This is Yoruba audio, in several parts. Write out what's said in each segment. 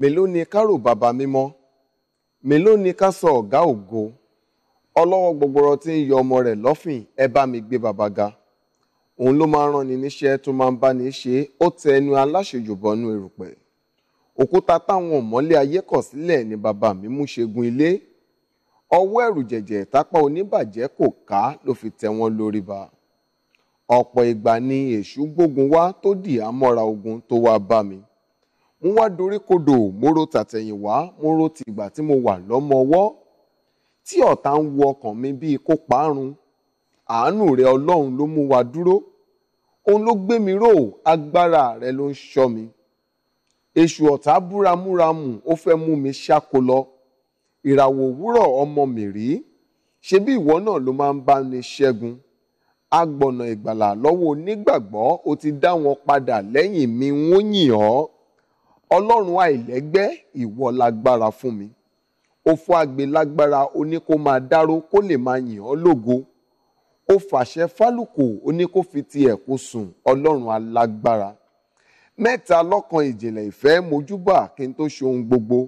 mélòó ni ká rò bàbá mímọ́ mélòó ni ká sọ ọ̀gá ògo ọlọ́wọ́ gbọgbọrọ tí ń yọ ọmọ rẹ̀ lọ́fìn ẹ bá mi gbé bàbá ga òun ló máa ń ranni níṣẹ́ tó máa ń báni ṣe ó tẹ ẹnu aláṣejù bọnú erùpẹ̀ òkúta táwọn ọmọlé ayé kọ̀ sílẹ̀ ni bàbá mi mú ṣẹ́gun ilé ọwọ́ ẹ̀rù jẹ̀jẹ̀ tápá oníbàjẹ́ kò ká ló fi tẹ wọ́n lórí ba ọ̀pọ̀ ìgbà ni èṣù gbógun wá tó dì á mọ́ra ogun tó wá bá mi mo wá dorí kodò mo ro tàtẹ̀yìnwá mo ro tìgbà tí mo wà lọ́mọ tí ọ̀tá ń wo ọkàn mi bíi kó parun àánú rẹ ọlọ́run ló mú wa dúró òun ló gbé mi ró agbára rẹ ló ń ṣọ́ mi èṣù ọ̀tá búramúramù ó fẹ́ mú mi ṣáko lọ ìràwọ̀ òwúrọ̀ ọmọ mi rí ṣebí ìwọ náà ló máa ń bá ní ṣẹ́gun agbọ̀nà ìgbàlà lọ́wọ́ onígbàgbọ́ o ti dá wọn padà lẹ́yìn mi wọ́n yìn ọ́ ọlọ́run àìlẹ́gbẹ́ ìwọ lágbára fún mi ó fọ́ àgbè lágbára ó ní kó máa dáró kó lè máa yìn ọ́ lógo ó fàṣẹ fálùkò ó ní kó fi ti ẹ̀kú sùn ọlọ́run alágbára mẹ́ta lọ́kan ìjìnlẹ̀ ìfẹ́ mojúbà kí n tó ṣe ohun gbogbo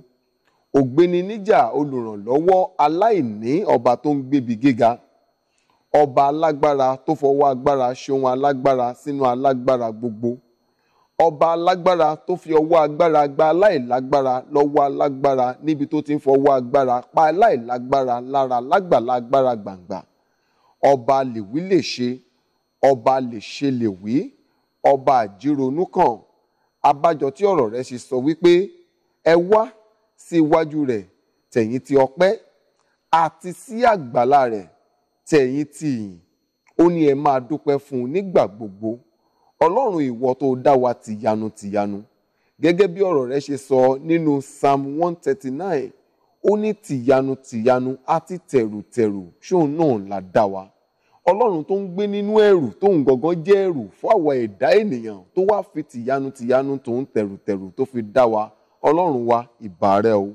ògbéni níjà olùrànlọ́wọ́ aláìní ọba tó ń gbébi gíga ọba alágbára tó fọwọ́ agbára ṣe ohun alágbára sínú alágbára gbogbo ọba alágbára tó fi ọwọ́ agbára gba aláìlágbára lọ́wọ́ alágbára níbi tó ti ń fọwọ́ agbára pa aláìlágbára lára lágbàlá agbára gbàǹgbà ọba lèwí lè ṣe ọba lè ṣe lè wí ọba àjírònú kan abájọ tí ọ̀rọ̀ rẹ̀ ṣe sọ wípé ẹ wá sí iwájú rẹ̀ tẹ̀yìn ti ọpẹ́ àti sí àgbàlá rẹ̀ tẹ̀yìn ti ìyìn ó ní ẹ máa dúpẹ́ fún un nígbà gbogbo ọlọ́run ìwọ tó dá wa tìyanu tìyanu gẹ́gẹ́ bí ọ̀rọ̀ rẹ ṣe sọ nínú psalm one thirty nine ó ní tìyanu tìyanu àti tẹ̀rùtẹ̀rù ṣóun náà la dá wa ọlọ́run tó ń gbé nínú ẹ̀rù tóun gangan jẹ́ ẹ̀rù fún àwa ẹ̀dá ènìyàn tó wá fi tìyanu tìyanu tóun tẹ̀rùtẹ̀rù tó fi dá wa ọlọ́run wa ìbàrẹ̀ o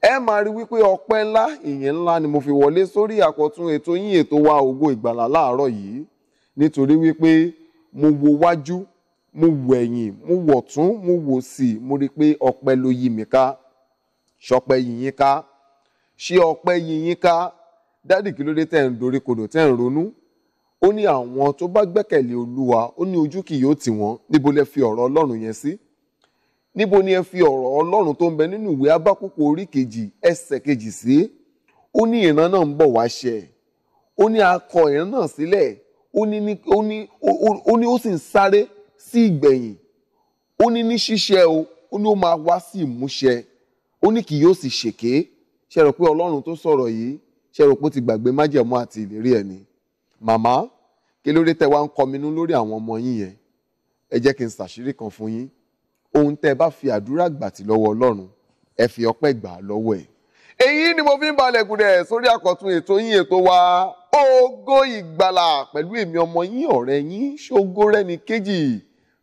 ẹ máa rí wípé ọpẹ́ ńlá ìyìn ńlá ni mo fi wọlé sórí àkọ̀tun ètò yín ètò wa ògo ìgbàlà láàárọ̀ yìí nítorí wípé mo wo wájú mo wo ẹ̀yìn mo wọ̀ tún mo wò sí mo rí i pé ọpẹ́ ló yí mi ká ṣọpẹ́ yí yín ká ṣé ọpẹ́ yí yín ká dádì kí ló dé tẹ̀ ń dorí kodò tẹ̀ ń ronú ó ní àwọn tó bá gbẹ́kẹ̀lé olúwa ó ní ojú kì yóò tì wọ́n níbo lẹ fi ọ̀rọ̀ ọlọ́run yẹn sí níbo ni ẹ fi ọ̀rọ̀ ọlọ́run tó ń bẹ nínú ìwé abákòókò orí kejì ẹsẹ̀ kejì sí ó ní ìran náà ń bọ̀ wá ṣẹ ó ní akọ ìran náà sílẹ̀ ó ní ní ó ní ó ní ó sì ń sáré sí ìgbẹ̀yìn ó ní ní ṣíṣe o ó ní ó máa wá sí ìmúṣẹ ó ní kì yóò sì ṣèké ṣe rò pé ọlọ́run tó sọ̀rọ̀ yìí ṣe rò pé ó ti gbàgbé májẹ̀mú àti ìlérí ẹ̀ ni màmá kí ló dé tẹ wá ń kọminú lórí àwọn ọmọ yín yẹn ẹ jẹ́ kí n ṣàṣírí kan fún yín ohun tẹ́ ẹ bá fi àdúrà gbà tì lọ́wọ́ ọlọ́run ẹ fi ọpẹ́ gbà lọ́wọ́ ẹ̀ èyí ni mo fi ń balẹ̀ kùdẹ̀ sórí àkọ́tún ètò yín ètò wa ògo ìgbàlà pẹ̀lú èmi ọmọ yín ọ̀rẹ́ yín ṣògo rẹ́ni kejì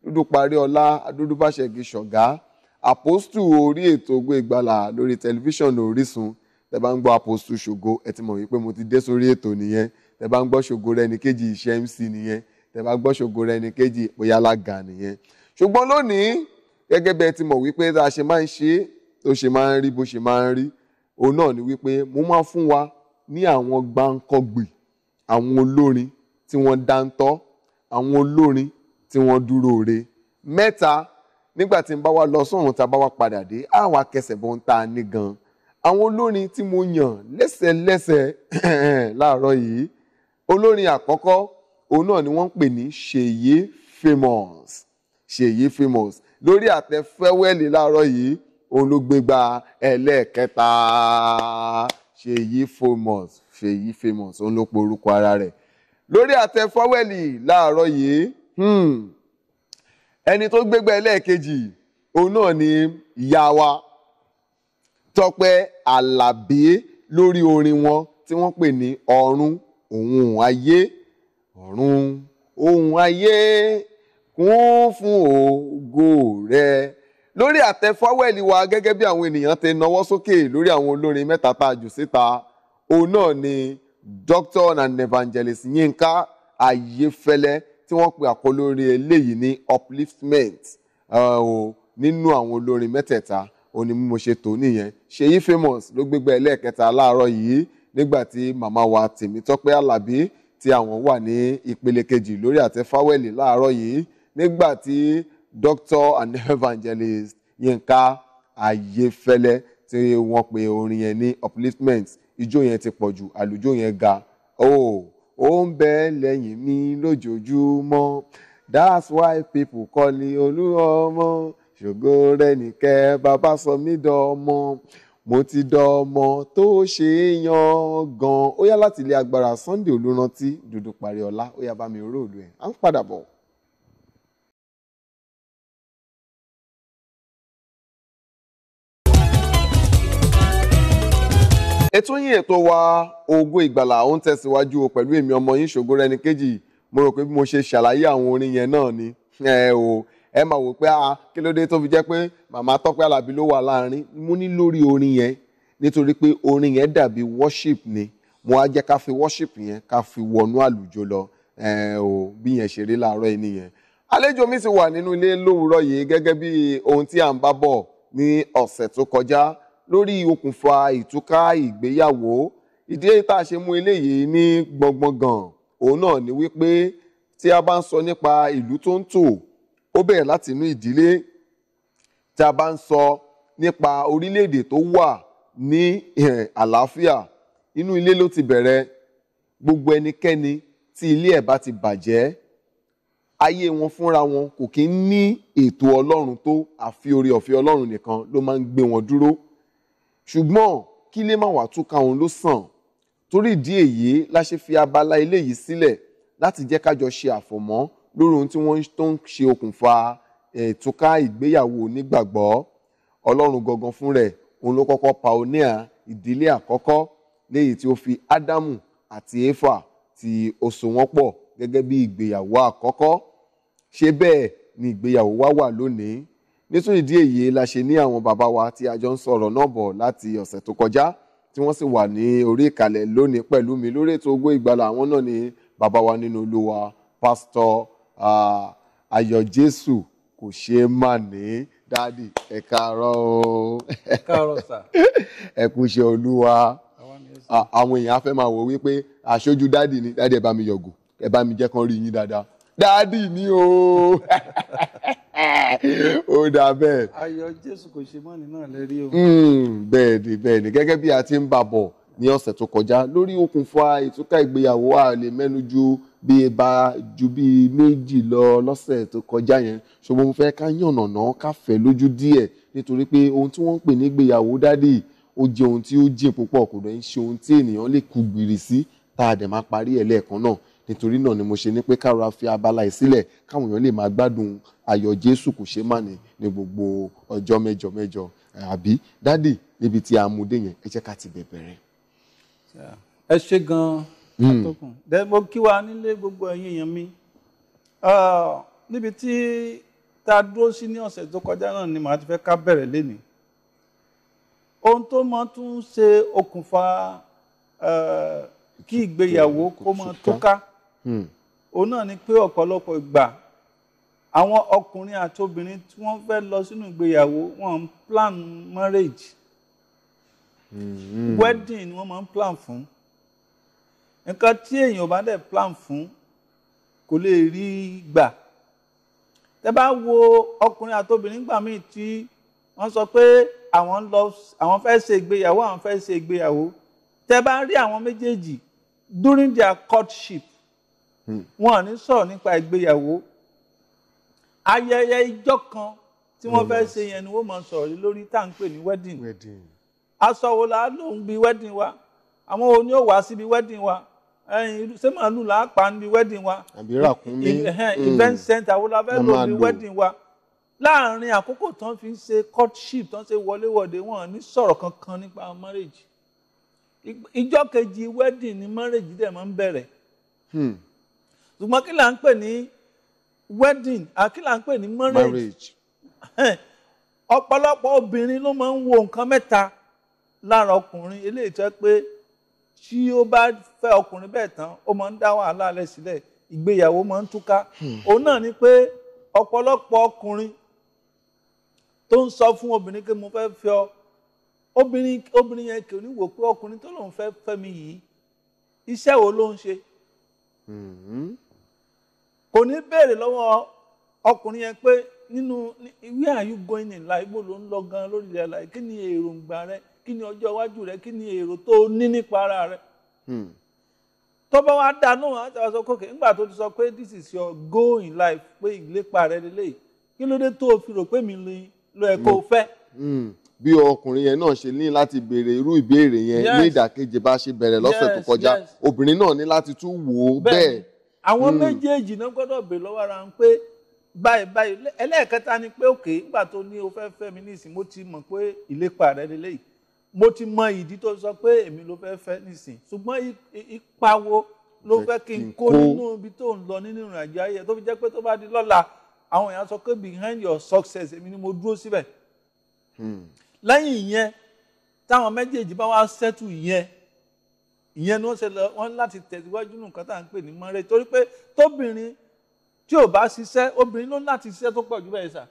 dúdú parí ọlá adúdúbáṣẹ́gi ṣọ̀gá àpòstù orí ètò ògo ìgbàlà lórí tẹlifíṣàn Orísun tẹ bá ń gbọ́ àpòstù ṣògo ẹ ti mọ̀ wípé mo ti dé sórí ètò nìyẹn tẹ bá ń gbọ́ ṣògo rẹ́ni kejì iṣẹ́ MC nìyẹn tẹ bá gbọ́ ṣògo rẹ́ni kejì bóyá alága nìyẹn ṣùgbọ́n lónìí gẹ́gẹ́ bẹ́ẹ̀ ti mọ̀ wípé tá a ṣe máa ń ṣe tó ṣe máa ń rí bó ṣe máa ń rí òun náà ni wípé mo máa fún wa ní àwọn gbàǹkọ́gbì àwọn olórin tí wọ́n dáńtọ́ àwọn olórin tí wọ́n dúró re mẹ́ta nígbà tí n bá wa lọ sọ́run tá a bá wa padà dé á wà kẹsẹ̀ bọ́ ń ta ní gan àwọn olórin tí mo yàn lẹ́sẹ̀lẹ́sẹ̀ láàárọ̀ yìí olórin àkọ́kọ́ òun náà ni wọ́n ń pè ní Ṣèyí Famous Ṣèyí Famous lórí àtẹ fẹ́wẹ́lì láàárọ̀ yìí òun ló gbégbá ṣèyí famous ṣèyí famous òun ló pe orúkọ ara rẹ̀ lórí àtẹ fọwẹ́lì láàárọ̀ yìí hmm, ẹni tó gbégbá ẹlẹ́ẹ̀kejì òun náà ni ìyá wa Tọ́pẹ́ Àlàbí lórí orin wọn tí wọ́n pè ní ọ̀run òun ayé ọ̀run òun ayé kún fún ògo rẹ̀ lórí àtẹ fáwẹ́lì wa gẹ́gẹ́ bí àwọn ènìyàn ti nawọ́ sókè lórí àwọn olórin mẹ́ta tá a jù síta òun náà ni doctor and evangelist Yínká Ayéfẹ́lẹ́ tí wọ́n pe àkọlórí eléyìí ní upliftment nínú àwọn olórin mẹ́tẹ̀ẹ̀ta òun ni mo ṣe tò nìyẹn Ṣèyí famous ló gbégbá ẹlẹ́ẹ̀kẹta láàárọ̀ yìí nígbà tí màmá wa Tèmítọ́pẹ́ Àlàbí tí àwọn wà ní ìpele kejì lórí àtẹ láàárọ̀ yìí nígbà tí doctor and evangelist Yínká Ayéfẹ́lẹ́ tí wọ́n pe orin yẹn ní upliftment ijó yẹn ti pọ̀ jù àlùjó yẹn ga ó oh, ó ń bẹ lẹ́yìn mi lójoojúmọ́ that's why people call me Olúọmọ ṣògo rẹ nìkẹ́ bàbá sọ mí dọ́mọ mo ti dọ́mọ tó ṣe é yan gan ó yá láti ilé agbára Sunday olùrántí dúdú parí ó yá bá mi róòlù ẹ̀ à ń padà bọ̀. ètò yín ètò wa Ògo Ìgbàlà ó ń tẹ̀síwájú o pẹ̀lú èmi ọmọ yín Ṣògorẹ́níkejì mo rò pé bí mo ṣe ṣàlàyé àwọn orin yẹn náà ni ẹ o ẹ máa wò pé ah kí ló dé tó fi jẹ́ pé màmá Tọ́pẹ́ Àlàbí ló wà láàrin mo ní lórí orin yẹn nítorí pé orin yẹn dàbí worship ni mo á jẹ́ ká fi worship yẹn ká fi wọnú àlùjọ lọ ẹ o bí yẹn ṣe rí láàárọ̀ yìí nìyẹn àlejò mi sì wà nínú ilé lówùúrọ̀ yìí gẹ́gẹ́ bí ohun tí à ń bá bọ̀ ní ọ̀sẹ̀ tó kọjá lórí okùnfà ìtúká ìgbéyàwó ìdílé tá a ṣe mú eléyìí ní gbọngbọn gan òun náà ni wípé tí a bá ń sọ nípa ìlú tó ń tò ó bẹ̀rẹ̀ láti inú ìdílé tí a bá ń sọ nípa orílẹ̀-èdè tó wà ní eh, àlàáfíà inú ilé ló ti bẹ̀rẹ̀ gbogbo ẹnikẹ́ni tí ilé ẹ̀ bá ti bàjẹ́ ayé wọn fúnra wọn kò kí ń ní ètò ọlọ́run tó àfi oore ọ̀fẹ́ ọlọ́run nìkan ló máa ń gbé wọn dúró ṣùgbọ́n kí lè má wàá tún ka òun ló sàn torí ìdí èyí la ṣe fi abala eléyìí sílẹ̀ láti jẹ́ kájọ ṣe àfọ̀mọ́ lórí ohun tí wọ́n tó ń ṣe okùnfà ètùká ìgbéyàwó onígbàgbọ́ ọlọ́run gangan fún rẹ̀ òun ló kọ́kọ́ pàóníà ìdílé àkọ́kọ́ léyìí tí ó fi ádámù àti éfà tí ó so pọ̀ gẹ́gẹ́ bí ìgbéyàwó àkọ́kọ́ ṣé bẹ́ẹ̀ ni ìgbéyàwó wa wà lónìí nítorí ìdí èyí la ṣe ní àwọn bàbá wa tí a jọ ń sọ̀rọ̀ náà bọ̀ láti ọ̀sẹ̀ tó kọjá tí wọ́n sì wà ní orí ìkàlẹ̀ lónìí pẹ̀lú mi lórí ètò Ògo Ìgbàlà àwọn náà ni bàbá wa nínú Olúwa pásítọ̀ Ayọ̀jésù kò ṣe é mà ní dáàdì ẹ káàárọ̀ o ẹ káàárọ̀ sà Olúwa àwọn èèyàn á máa wò wípé aṣojú dáàdì ni dáàdì ẹ bá mi yọ̀gò ẹ bá mi jẹ́ kán rí yín dáadáa dáàdì ni o. ó dà bẹ́ẹ̀. ayọ̀ jésù kò ṣe mọ́ni náà lẹ́rí o. Hmm, bẹ́ẹ̀ ni bẹ́ẹ̀ ni gẹ́gẹ́ bí a ti ń bà bọ̀ ní ọ̀sẹ̀ tó kọjá lórí okùnfà ìtúkà ìgbéyàwó a lè mẹ́nu ju bí e bá ju bí méjì lọ lọ́sẹ̀ tó kọjá yẹn ṣùgbọ́n mo fẹ́ ká yànnàná ká fẹ́ lójú díẹ̀ nítorí pé ohun tí wọ́n ń pè ní ìgbéyàwó dádì ó jẹ́ ohun tí ó jìn púpọ̀ kò dẹ̀ ṣe ohun tí ènìyàn lè kú gbìrì sí tá a dẹ̀ máa parí ẹ̀ lẹ́ẹ̀kan náà nítorí náà ni mo ṣe ní pé kára fi abala ìsílẹ̀ káwọn èèyàn lè máa gbádùn ayọ̀ jésù kò ṣe má ní ní gbogbo ọjọ́ mẹ́jọ mẹ́jọ eh, àbí dádì níbi tí a mú dé yẹn ẹ jẹ́ ká ti bẹ̀ bẹ̀rẹ̀. ẹ ṣe gan-an hmm. atọ́kùn mo kí wa nílé gbogbo ẹ̀yin èèyàn mi ah, níbi tí tá dúró sí ní ọ̀sẹ̀ tó kọjá náà ni màá ti fẹ́ ká bẹ̀rẹ̀ lénìí ohun tó máa tún ṣe okùnfà eh, kí ìgbéyàwó kó máa túká hmm. òun náà ni pé ọ̀pọ̀lọpọ̀ ìgbà àwọn ọkùnrin àti obìnrin tí wọ́n fẹ́ lọ sínú ìgbéyàwó wọ́n ń plan marriage mm-hmm. wedding ni wọ́n máa ń plan fún nǹkan tí èèyàn bá dẹ̀ plan fún kò lè rí gbà tẹ bá wo ọkùnrin àti obìnrin gbà míì tí wọ́n sọ pé àwọn lọ àwọn fẹ́ ṣe ìgbéyàwó àwọn fẹ́ ṣe ìgbéyàwó tẹ bá rí àwọn méjèèjì during their courtship hmm. wọn ò ní sọ̀rọ̀ nípa ìgbéyàwó ayẹyẹ ijọ́ kan tí wọ́n fẹ́ ṣe yẹn ni wọ́n máa sọ̀rọ̀ lórí tá à ń pè ní wedding aṣọ wo la lò ń bi wedding wa àwọn oní ò wá síbi wedding wa ṣé màálù là á níbi wedding wa hmm. event center wo la fẹ́ lò níbi wedding wa láàárín àkókò tán fi ń ṣe courtship tán ṣe wọléwọ̀de wọn ní sọ̀rọ̀ kankan nípa marriage ìjọ́ kejì wedding ni marriage dẹ̀ máa ń bẹ̀rẹ̀ hmm. ṣùgbọ́n kí là ń pè ní wedding àkìlà ń pè ní marriage ọ̀pọ̀lọpọ̀ obìnrin ló máa ń wo nǹkan mẹ́ta lára ọkùnrin eléyìí tó pé tí ó bá fẹ́ ọkùnrin bẹ́ẹ̀ tán ó máa ń dá wàhálà alẹ́ sílẹ̀ ìgbéyàwó máa ń túká hmm. òun náà ni pé ọ̀pọ̀lọpọ̀ ọkùnrin tó ń sọ fún obìnrin pé mo fẹ́ fi ọ obìnrin obìnrin yẹn kò ní wò pé ọkùnrin tó lòun fẹ́ fẹ́ mi yìí iṣẹ́ wo ló ń ṣe hmm. kò ní béèrè lọ́wọ́ ọkùnrin yẹn pé nínú where are you going in ló ń lọ gan lórí ilẹ̀ kí ni èròǹgbà rẹ kí ni ọjọ́ iwájú rẹ kí ni èrò tó ní nípa ara rẹ. Hmm. tó bá wá dá náà á sọ kókè nígbà tó ti sọ pé this is your goal in life pé ìlépa rẹ lélẹ́yìí kí ló dé tó o fi rò pé mi lo ẹ hmm. fẹ́ hmm. bí ọkùnrin yẹn náà ṣe ní láti béèrè irú ìbéèrè yẹn ní ìdàkejì bá ṣe bẹ̀rẹ̀ lọ́sẹ̀ tó kọjá obìnrin náà ní láti tún wò ó bẹ́ẹ̀ àwọn hmm. méjèèjì náà gbọ́dọ̀ bè lọ́wọ́ ara wọn pé báyìí báyìí ẹlẹ́ẹ̀kẹta ni pé òkè nígbà tó ní o fẹ́ fẹ́ mi nísìn mo ti mọ̀ pé ìlépa rẹ lélẹ́yìí mo ti mọ ìdí tó sọ pé èmi ló fẹ́ fẹ́ nísìn ṣùgbọ́n ipa wo ló fẹ́ kí n kó nínú ibi tó ń lọ nínú ìrìn àjò ayé tó fi jẹ́ pé tó bá di lọ́la àwọn èèyàn sọ pé behind your success èmi ni mo dúró síbẹ̀ hmm. lẹ́yìn ìyẹn táwọn méjèèjì bá wá ṣẹ́tù ìyẹn ìyẹn ni wọ́n ṣe lọ wọ́n láti tẹ̀síwájú nù nǹkan tá à ń pè ní marriage torí pé tóbìnrin tí ò bá ṣiṣẹ́ obìnrin ló láti ṣiṣẹ́ tó pọ̀ jù bẹ́ẹ̀ sà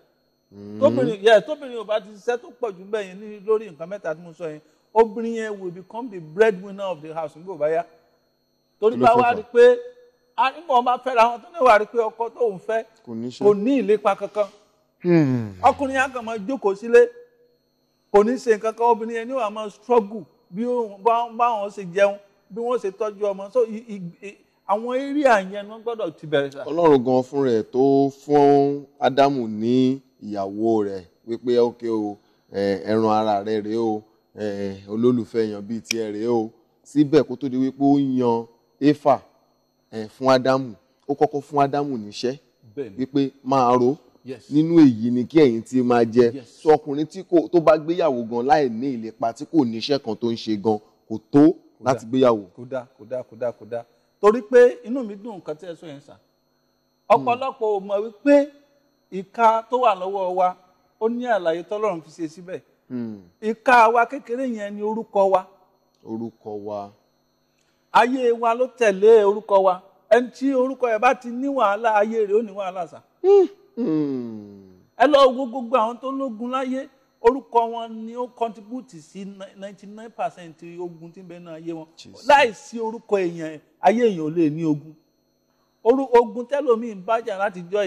hmm. tóbìnrin yẹ tóbìnrin ò bá ti ṣiṣẹ́ tó pọ̀ jù bẹ́ẹ̀ yẹn ní lórí nǹkan mẹ́ta tí sọ yẹn obìnrin yẹn will become the breadwinner of the house nígbà bá yá torí bá wá rí pé nígbà wọn bá fẹ́ra wọn tó ní wà rí pé ọkọ tó ń fẹ́ kò ní ìlépa kankan hmm. ọkùnrin yẹn kàn máa jókòó sílé kò ní ṣe nǹkan kan obìnrin yẹn ní máa struggle bí báwọn ṣe jẹun bí wọ́n ṣe tọ́jú ọmọ so àwọn area yẹn wọ́n gbọ́dọ̀ ti bẹ̀rẹ̀ sá. ọlọ́run gan fún rẹ̀ tó fún ádámù ní ìyàwó rẹ̀ wípé ókè o ẹran ara rẹ̀ rèé o olólùfẹ́ èèyàn bíi tiẹ̀ rèé o síbẹ̀ kó tó di wípé ó yan éfà fún ádámù ó kọ́kọ́ fún ádámù níṣẹ́ wípé máa ro nínú èyí ni kí ẹ̀yin ti máa jẹ sọkùnrin tó bá gbéyàwó gan láì ní ìlépa tí kò níṣẹ́ kan tó ń ṣe gan kò tó láti gbéyàwó. kò dáa kò dáa kò torí pé inú mi dùn nǹkan tí ẹ sọ yẹn sà ọ̀pọ̀lọpọ̀ ò mọ̀ wípé ìka tó wà lọ́wọ́ wa ó ní àlàyé tọ́lọ́run fi ṣe síbẹ̀ hmm. ìka wa kékeré yẹn ni orúkọ wa. orúkọ wa. ayé wa ló tẹ̀lé orúkọ wa ẹni tí orúkọ ẹ bá ti ní wàhálà ayé rẹ̀ ó ní wàhálà sà. Hmm. Hmm. ẹ lọ wo gbogbo àwọn tó lógun láyé. orúkọ wọn ni ó contribute sí ninety nine percent ogun tí ń bẹ náà ayé wọn láìsí orúkọ èèyàn ayé èèyàn ò lè ní ogun orú ogun tẹlómiín bájà láti jọ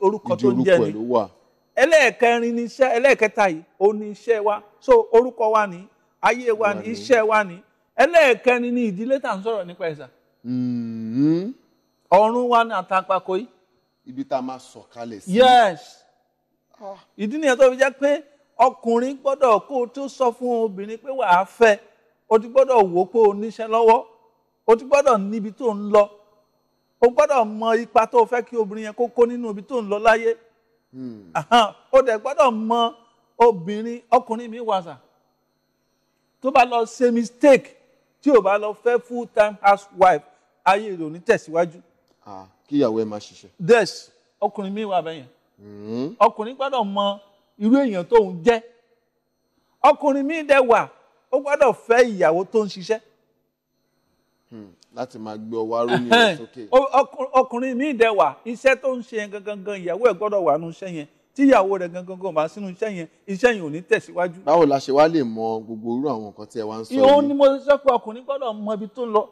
orúkọ tó ń jẹ ni ẹlẹ́ẹ̀kẹrin ni iṣẹ́ ẹlẹ́ẹ̀kẹta yìí ó ní iṣẹ́ wa so orúkọ wa ni ayé wa ni iṣẹ́ wa ni ẹlẹ́ẹ̀kẹrin ni ìdílé tá ń sọ̀rọ̀ nípa ẹ̀sà mm-hmm. ọ̀run wa ni àtàǹpàkò yìí. ibi tá a máa sọ̀kalẹ̀ sí. yes ah. ìdí nìyẹn tó fi jẹ́ pé ọkùnrin gbọ́dọ̀ kó o tó sọ fún obìnrin pé wàá fẹ́ o ti gbọ́dọ̀ wò pé o níṣẹ́ lọ́wọ́ o ti gbọ́dọ̀ níbi tó ń lọ o gbọ́dọ̀ mọ ipa tó fẹ́ kí obìnrin yẹn kó kó nínú ibi tó ń lọ láyé hmm. o dẹ̀ gbọ́dọ̀ mọ obìnrin ọkùnrin mi wàsà tó bá lọ ṣe mistake tí o bá lọ fẹ́ full time housewife ayé rẹ̀ ò ní tẹ̀síwájú. Ah, kíyàwó ẹ máa ṣiṣẹ́. des ọkùnrin mi wà bẹ́yẹn hmm. ọkùnrin gbọ́dọ̀ mọ irú èèyàn tó ń jẹ́ ọkùnrin míì dẹ̀ wà ó gbọ́dọ̀ fẹ́ ìyàwó tó ń ṣiṣẹ́. Hmm, láti máa gbé ọwọ́ aró ní ìlú sókè. ọkùnrin míì dẹ̀ wà iṣẹ́ tó ń ṣe yẹn gangan ìyàwó ẹ̀ gbọ́dọ̀ wà nù iṣẹ́ yẹn tí ìyàwó rẹ̀ gangan gan bá sínú iṣẹ́ yẹn iṣẹ́ yẹn ò ní tẹ̀síwájú. báwo la ṣe wá lè mọ gbogbo irú àwọn nǹkan tí ẹ wá ń sọ yìí. ìhun ni mo sọ pé ọkùnrin gbọ́dọ̀ mọ ibi tó ń lọ.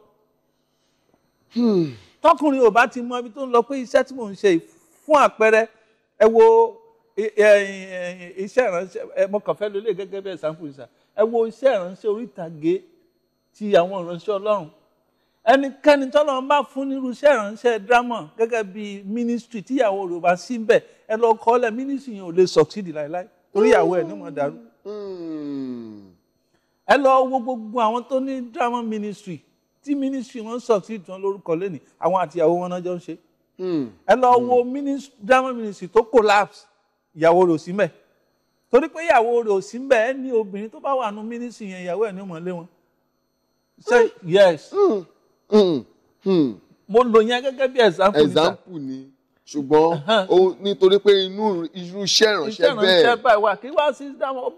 Hmm. tọkùnrin ò bá ti mọ ibi tó ń lọ pé iṣẹ́ tí mò ń ṣe fún àpẹẹrẹ ẹ wo iṣẹ́ ìránṣẹ́ mo kàn fẹ́ lo ilé gẹ́gẹ́ bẹ́ẹ̀ sáńpù ìṣà ẹ wo iṣẹ́ ìránṣẹ́ orí ìtàgé ti àwọn ìránṣẹ́ ọlọ́run ẹnikẹ́ni tọ́lọ́run bá fún nírú iṣẹ́ ìránṣẹ́ dírámà gẹ́gẹ́ bí mínísítírì tíyàwó rẹ̀ bá sí bẹ̀ ẹ lọ kọ́ lẹ̀ mínísítírì yẹn ò lè sọ̀ksidì láéláé torí ìyàwó ẹ̀ ní mọ̀ dàrú. ẹ lọ wo gbogbo àwọn tó ní dírámà mínísítírì tí mínísítírì wọn sọ̀ksidì tán lórúkọ lẹ́nìí àwọn àtìyàwó wọn náà jọ ń ṣe. ẹ lọ wo dírámà mínísítírì tó collapse ìyàwó rẹ̀ sí mbẹ̀ torí pé ìyàwó rẹ̀ sí mbẹ̀ ní obìnrin tó bá wà nù mínísì yẹn ìyàwó ẹ̀ ní mọ̀ lé wọn. ṣe hmm. yes hmm. Hmm. mo lò yẹn gẹ́gẹ́ bí example ni. example ni ṣùgbọ́n nítorí pé inú irú iṣẹ́ bẹ́ẹ̀. iṣẹ́ ìrànṣẹ́ báyìí wà kí wá sí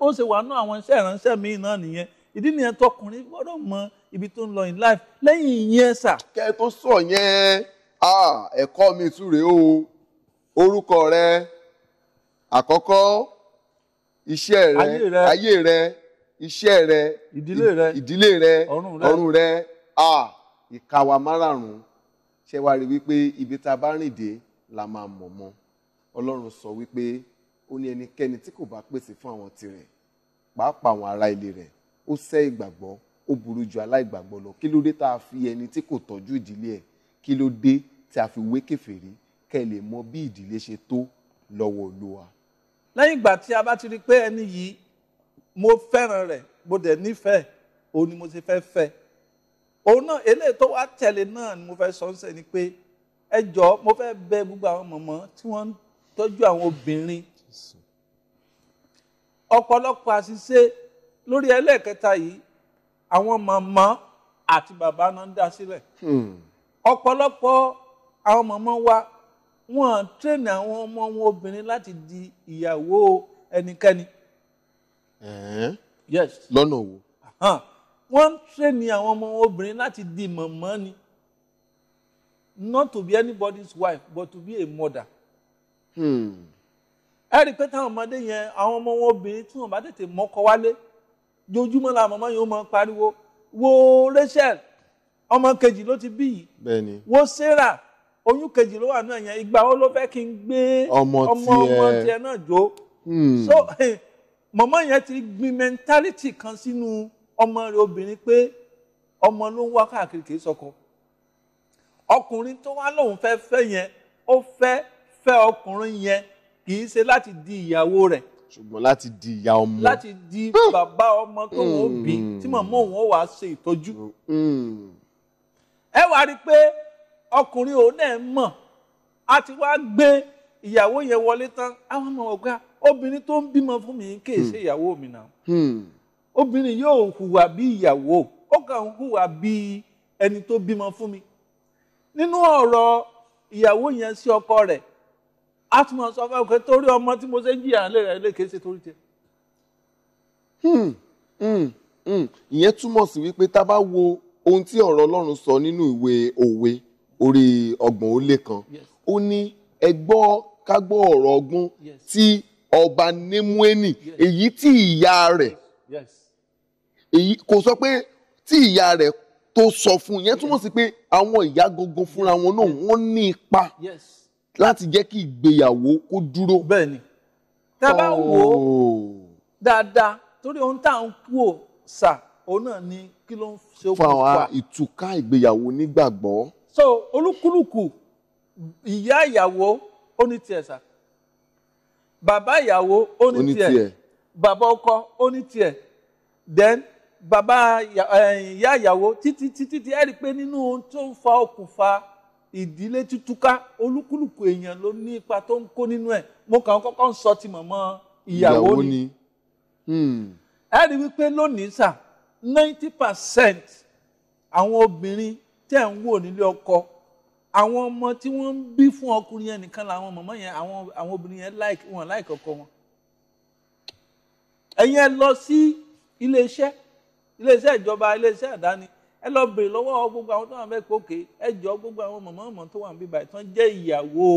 bó ṣe wà náà àwọn iṣẹ́ ìrànṣẹ́ míì náà nìyẹn ìdí nìyẹn tọkùnrin gbọ́dọ̀ mọ ibi tó ń lọ in life lẹ́yìn yẹn sà. kẹ́ tó sọ yẹn ẹ̀kọ́ mi tún rèé o orúkọ rẹ àkọ́kọ́ iṣẹ́ rẹ ayé rẹ iṣẹ́ rẹ ìdílé rẹ ọ̀run rẹ a ìka wa márààrún ṣe wá rí wípé ibi tá a bá rìn dé la máa mọ̀ mọ́ ọlọ́run sọ wípé ó ní ẹnikẹ́ni tí kò bá pèsè fún àwọn tirẹ̀ pàápàá àwọn ará ilé rẹ̀ ó sẹ́ ìgbàgbọ́ ó burú ju aláìgbàgbọ́ lọ kí ló dé tá a fi ẹni tí kò tọ́jú ìdílé ẹ̀ kí ló dé tí a fi wé kèfèrí kẹ́ ẹ lè mọ bí ìdílé ṣe tó lọ́wọ́ olúwa lẹ́yìn ìgbà tí a bá ti rí i pé ẹni yìí mo fẹ́ràn rẹ̀ mo dẹ̀ nífẹ̀ẹ́ òun ni mo ti fẹ́ fẹ́ òun náà eléyìí tó wá tẹ̀lé náà ni mo fẹ́ sọ ń sẹ́ ni pé ẹ jọ̀ọ́ mo fẹ́ bẹ gbogbo àwọn mọ̀mọ́ tí wọ́n ń tọ́jú àwọn obìnrin ọ̀pọ̀lọpọ̀ àṣìṣe lórí ẹlẹ́ẹ̀kẹta yìí àwọn mọ̀mọ́ àti bàbá náà ń dá sílẹ̀ hmm. ọ̀pọ̀lọpọ̀ àwọn mọ̀mọ́ wa wọ́n tẹ́ni àwọn ọmọ wọn obìnrin láti di ìyàwó ẹnikẹ́ni. yes. lọ́nà wo. wọ́n tẹ́ni àwọn ọmọ wọn obìnrin láti di mọ̀mọ́ ni not to be anybody's wife but to be a mother. Hmm. ẹ rí i pé táwọn ọmọdé yẹn àwọn ọmọ wọn obìnrin tí wọ́n bá tètè mọ́kọ wálé jojúmọ́ la màmá yẹn ó máa pariwo wo Rachel ọmọ kejì ló ti bí yìí wo Sarah oyún kejì ló wà náà yẹn ìgbà wo ló fẹ́ kí n gbé ọmọ ọmọ tiẹ̀ náà jó hmm. so mọ̀mọ́ yẹn ti gbin mentality kan sínú ọmọ rẹ̀ obìnrin pé ọmọ ló ń wá káàkiri kì í sọkọ ọkùnrin tó wá lòun fẹ́ fẹ́ yẹn ó fẹ́ fẹ́ ọkùnrin yẹn kì í ṣe láti di ìyàwó rẹ̀ ṣùgbọ́n láti di ìyá ọmọ láti di hmm. bàbá ọmọ tó wọn bí tí màmá òun ó wàá ṣe ìtọ́jú hmm. ẹ wàá rí i pé ọkùnrin òun náà mọ̀ a ti wá gbé ìyàwó yẹn wọlé tán àwọn ọmọ ọ̀gá obìnrin tó ń bímọ fún mi kì í ṣe hmm. ìyàwó mi náà hmm. obìnrin yóò hùwà bí ìyàwó ó kàn ń hùwà bí ẹni tó bímọ fún mi nínú ọ̀rọ̀ ìyàwó yẹn sí ọkọ rẹ̀ a tún mọ̀ sọ fún ẹ torí ọmọ tí mo ṣe ń jìyà lé rẹ̀ lè kéṣe torí tiẹ̀. Hmm. ìyẹn túmọ̀ sí wípé tá a bá wo ohun tí ọ̀rọ̀ Ọlọ́run sọ nínú ìwé òwe orí ọgbọ̀n ó lé kan ó ní ẹgbọ́ kágbọ́ ọ̀rọ̀ ọgbọ́n tí ọba Nemueni èyí tí ìyá rẹ̀ èyí kò sọ pé tí ìyá rẹ̀ tó sọ fún yẹn túmọ̀ sí pé àwọn ìyá gangan fúnra wọn náà wọ́n ní ipa láti jẹ́ kí ìgbéyàwó kó dúró. bẹ́ẹ̀ni tá a bá wò ó oh. dáadáa torí ohun tá à ń kú ò sà òun náà ni kí ló ń ṣe okùnfà. ìtúká ìgbéyàwó nígbàgbọ́ so olúkúlùkù ìyá ìyàwó ó ní tiẹ̀ sà bàbá ìyàwó ó ní tiẹ̀ bàbá ọkọ ó ní tiẹ̀ then bàbá ìyá ìyàwó títí títí tí ẹ rí i pé nínú ohun tó ń fa okùnfà ìdílé títúká olúkúlùkù èèyàn ló ní ipa tó ń kó nínú ẹ̀ mo kàn kọ́kọ́ ń sọ ti mọ̀mọ́ ìyàwó ni hmm. ẹ rí i wípé lónìí sà ninety percent àwọn obìnrin tẹ́ ń wò nílé ọkọ àwọn ọmọ tí wọ́n ń bí fún ọkùnrin yẹn nìkan làwọn mọ̀mọ́ yẹn àwọn àwọn obìnrin yẹn láìkì wọn láìkì ọkọ wọn. ẹ̀yin ẹ lọ sí iléeṣẹ́ iléeṣẹ́ ìjọba iléeṣẹ́ àdáni ẹ lọ béèrè lọ́wọ́ gbogbo àwọn tó wà mẹ́kọ̀ọ́ òkè ẹ jọ gbogbo àwọn mọ̀mọ́ mọ̀ tó wà ń bíbá ìtàn jẹ́ ìyàwó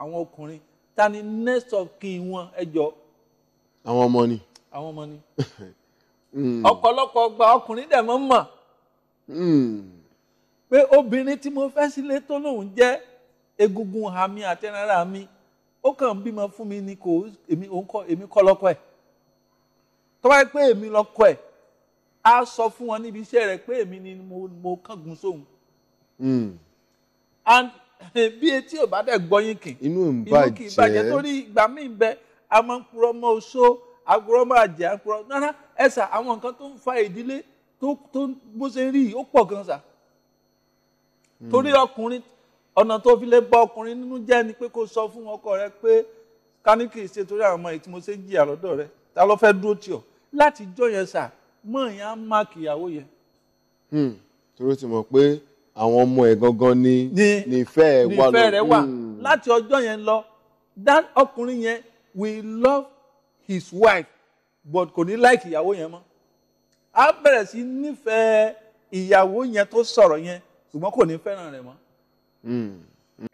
àwọn ọkùnrin ta ni next of kin wọn ẹ jọ. àwọn ọmọ ni. àwọn ọmọ ni. Hmm. ọ̀pọ̀lọpọ̀ gba ọkùnrin dẹ̀ mọ́ mọ̀. Hmm. pé obìnrin tí mo fẹ́ sílé tó lóun jẹ́ egungun hami àtẹnára mi ó kàn bímọ fún mi ni kò èmi kọ èmi kọ́ lọ́kọ ẹ̀ tó bá pé èmi sọ fún wọn níbi iṣẹ́ rẹ pé èmi ni mo mo kángun sóhun. Hmm. and eh, bí etí ò bá dẹ̀ gbọ́yìn kì inú kì í bàjẹ́ torí ìgbà míì bẹ a máa ń purọ́ mọ́ oṣó rárá ẹ̀sà àwọn nǹkan tó ń fa ìdílé tó tó bó ṣe rí ó torí ọkùnrin ọ̀nà tó fi lè bọ́ ọkùnrin nínú jẹ́ ni pé kó sọ fún ọkọ rẹ pé káníkì ṣe torí àwọn ọmọ ìtí mo ṣe ń jìyà lọ́dọ̀ rẹ ta ló fẹ́ dúró tì ọ́ láti jọ yẹn sà mọ̀ yẹn á má kìyàwó yẹn. Hmm, torí ti mọ̀ pé àwọn ọmọ ẹ̀ gangan ni nífẹ̀ ẹ̀ wà lọ. nífẹ̀ rẹ̀ wà hmm. láti ọjọ́ yẹn lọ that ọkùnrin yẹn will love his wife but kò ní like ìyàwó yẹn mọ́ á bẹ̀rẹ̀ sí nífẹ̀ẹ́ ìyàwó yẹn tó sọ̀rọ̀ yẹn ṣùgbọ́n kò ní fẹ́ràn rẹ̀ mọ́. Hmm.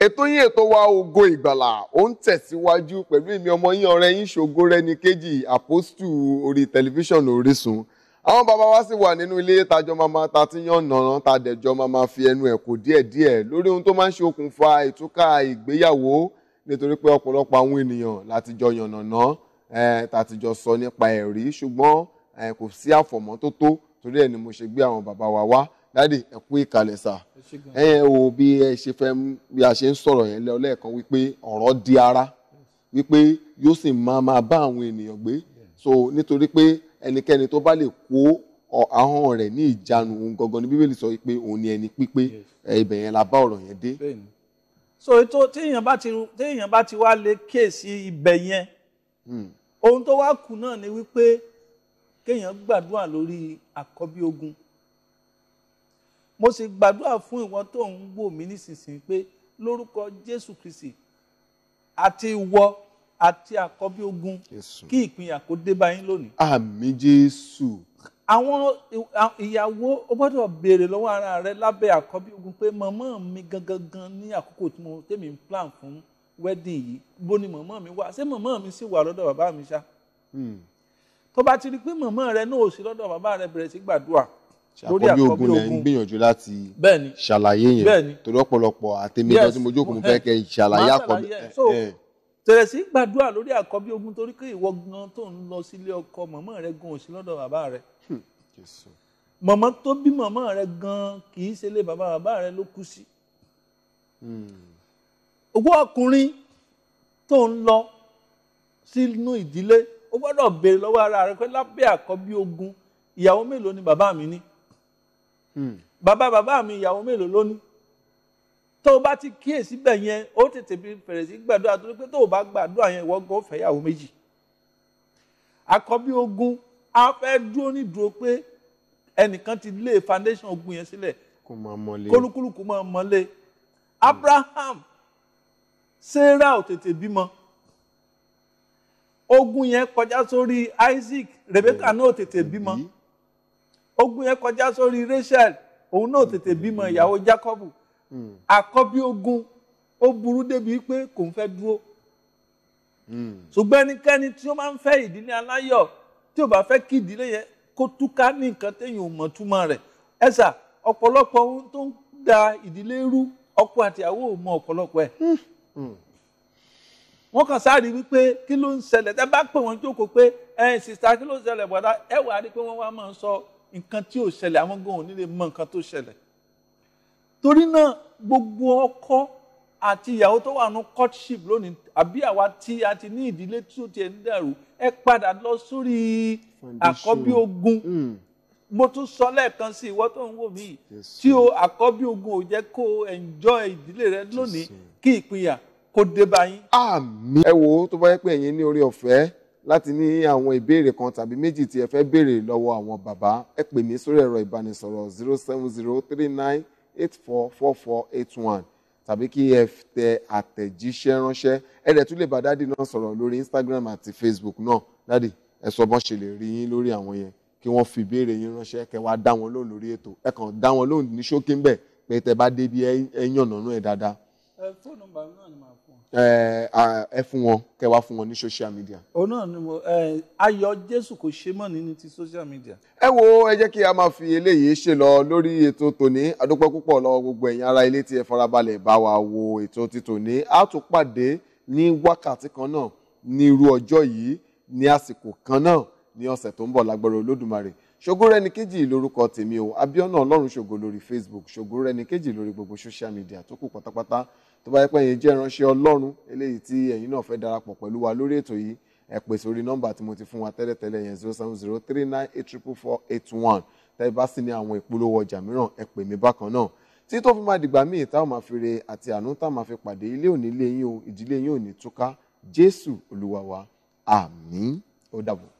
ètò yín ètò wa ògo ìgbàlà ó ń tẹ̀síwájú pẹ̀lú èmi ọmọ yín ọ̀rẹ́ yín ṣògo rẹni kejì àpòstù orí tẹlifíṣàn Orísun àwọn bàbá wa sì wà nínú ilé tajọ mama ta ti yan nàrán ta dẹjọ mama fi ẹnu ẹ̀ kò díẹ̀díẹ̀ lórí ohun tó máa ń ṣe okùnfà ìtúkà ìgbéyàwó nítorí pé ọ̀pọ̀lọpọ̀ àwọn ènìyàn láti jọ yànnàná tàti jọ sọ nípa ẹ̀rí ṣùgbọ́n kò sí àfọ̀mọ́ tó tó torí ẹ̀ ni mo ṣe gbé àwọn bàbá wa wá dáàdì ẹ kú ìkàlẹ̀ sà ẹ yẹn o bí ẹ ṣe fẹ́ bí a ṣe ń sọ̀rọ̀ yẹn lẹ́ẹ̀kan wípé ọ̀rọ̀ di ara wípé yóò sì máa máa bá àwọn ènìyàn gbé so nítorí pé ẹnikẹ́ni tó bá lè kó ahọ́n rẹ̀ ní ìjánu òun gangan ní bíbélì sọ pé òun ni ẹni pípé ibẹ̀ yẹn la bá ọ̀rọ̀ yẹn dé. so ètò téèyàn bá ti téèyàn bá ti wá lè kíyèsí ibẹ̀ yẹn hmm. ohun tó wá kù náà ni wípé kéèyàn gbàdúrà lórí àkọ́bí ogun mo sì gbàdúrà fún ìwọ tó ń wò mí nísinsìnyí pé lórúkọ Jésù Kristi àti ìwọ àti àkọ́bí ogun kí ìpínyà kó dé bá yín lónìí. àmì Jésù. àwọn ìyàwó o gbọ́dọ̀ béèrè lọ́wọ́ ara rẹ lábẹ́ àkọ́bí ogun pé màmá mi gangan gan ní àkókò tí mo tèmi ń plan fún wedding yìí bó ni màmá mi wà ṣé màmá mi sì wà lọ́dọ̀ bàbá mi ṣá. Hmm. tó bá ti rí i pé màmá rẹ náà ò sí lọ́dọ̀ bàbá rẹ bẹ̀rẹ̀ sí gbàdúrà lórí àkọ́bí ogun lẹ ń gbìyànjú láti ṣàlàyé yẹn torí ọ̀pọ̀lọpọ̀ àtẹ̀mídọ́ tí mo jókòó mo fẹ́ kẹ́ ṣàlàyé àkọ́bí. tẹ̀rẹ̀sì gbàdúrà lórí àkọ́bí ogun torí pé ìwọ gan tó ń lọ sílé ọkọ mọ̀mọ́ rẹ gan ò sí lọ́dọ̀ bàbá rẹ mọ̀mọ́ tó bí mọ̀mọ́ rẹ gan kì í ṣe lé bàbá bàbá rẹ ló kú sí. Hmm. owó ọkùnrin tó ń lọ sínú ìdílé ó gbọ́dọ̀ béèrè lọ́wọ́ ara rẹ pé lábẹ́ àkọ́bí ogun ìyàwó mélòó ni bàbá mi ní. Hmm bàbá bàbá mi ìyàwó mélòó ló ní tó o bá ti kíyèsí bẹ̀ yẹn ó tètè bẹ̀rẹ̀ sí gbàdúrà torí pé tó o bá gbàdúrà yẹn ìwọ gan fẹ́ méjì àkọ́bí ogun a fẹ́ dúró nídúró pé ẹnìkan ti lé foundation ogun yẹn sílẹ̀ kólúkúlùkù máa mọ́lé Abraham Sarah ò tètè bímọ ogun yẹn kọjá sórí Isaac Rebecca náà ò tètè bímọ ogun yẹn kọjá sórí Rachel òun náà tètè bímọ ìyàwó Jacob hmm. àkọ́bí ogun ó burú débi pé kò ń fẹ́ dúró hmm. ṣùgbọ́n ẹnikẹ́ni tí ó máa ń fẹ́ ìdílé aláyọ̀ tí ò bá fẹ́ kí ìdílé yẹn kó túká ní nǹkan téèyàn ò mọ̀ túmọ̀ rẹ̀ ẹ̀sà ọ̀pọ̀lọpọ̀ ohun tó ń da ìdílé rú ọkọ àtìyàwó ò mọ ọ̀pọ̀lọpọ̀ ẹ̀ hmm. wọ́n kàn sáré wípé kí ló ń ṣẹlẹ̀ tẹ́ bá pè wọ́n jókòó pé ẹ̀ sìsà kí ló ń ṣẹlẹ̀ bọ̀dá ẹ̀ wà á rí pé wọ́n wá máa ń sọ nǹkan tí ò ṣẹlẹ̀ àwọn gan ò ní lè mọ nǹkan tó ṣẹlẹ̀ torí náà gbogbo ọkọ àti ìyàwó tó wà ní courtship lónìí àbí àwa tí a ti ní ìdílé tí ó tiẹ̀ ń dàrú ẹ padà lọ sórí àkọ́bí ogun hmm. mo tún sọ lẹ́ẹ̀kan sí ìwọ tó ń wò mí tí o àkọ́bí ogun ò jẹ́ kó o enjoy ìdílé rẹ lónìí kí ìpínyà kó dé ẹ wo tó bá yẹ pé ẹ̀yin ní orí ọ̀fẹ́ láti ní àwọn ìbéèrè kan tàbí méjì tí ẹ fẹ́ béèrè lọ́wọ́ àwọn bàbá ẹ pè mí sórí ẹ̀rọ ìbánisọ̀rọ̀ zero seven zero three nine eight four four four eight one tàbí kí ẹ tẹ àtẹ̀jíṣẹ́ ránṣẹ́ ẹ dẹ̀ tún lè bá dádì náà sọ̀rọ̀ lórí Instagram àti Facebook náà dádì ẹ sọ bọ́n ṣe lè rí yín lórí àwọn yẹn kí wọ́n fi ìbéèrè yín ránṣẹ́ kẹ́ wá dá wọn lóhùn lórí ètò ẹ kàn dá wọn lóhùn ní ṣókí ńbẹ̀ pé tẹ bá débi ẹ yànnà náà ẹ dáadáa. ẹ fóònù bàbá náà ni màá Eh, ah, ẹ fún wọn kẹ wá fún wọn ní social media. òun náà ni mo eh, ayọ̀ jésù kò ṣe mọ́ nínú ti social media. ẹ wo ẹ jẹ́ kí a máa fi eléyìí ṣe lọ lórí ètò tòní a dúpẹ́ púpọ̀ lọ́wọ́ gbogbo ẹ̀yin ará ilé tí ẹ farabalẹ̀ bá wa wo ètò ti tòní a tún pàdé ní wákàtí kan náà ní irú ọjọ́ yìí ní àsìkò kan náà ní ọ̀sẹ̀ tó ń bọ̀ lágbára olódùmarè Ṣògorẹ́níkejì lórúkọ tèmi o Abíọ́nà Ọlọ́runṣògo lórí Facebook Ṣògorẹ́níkejì lórí gbogbo social media tó kù pátápátá tó bá yẹ pé ẹ̀yin jẹ́ ìránṣẹ́ ọlọ́run eléyìí tí ẹ̀yin náà fẹ́ darapọ̀ pẹ̀lú wa lórí ètò yìí ẹ pè sórí nọ́mbà tí mo ti fún wa tẹ́lẹ̀tẹ́lẹ̀ yẹn zero seven zero three nine eight triple four eight one tẹ́ bá sì ní àwọn ìpolówó ọjà mìíràn ẹ pè mí bákan náà tí tó fi máa dìgbà míì táwọn máa fi re àti àánú táwọn máa fi pàdé ilé òní ilé yín o ìdílé yín ò ní túká jésù olúwa wa àmín ó dàbọ̀.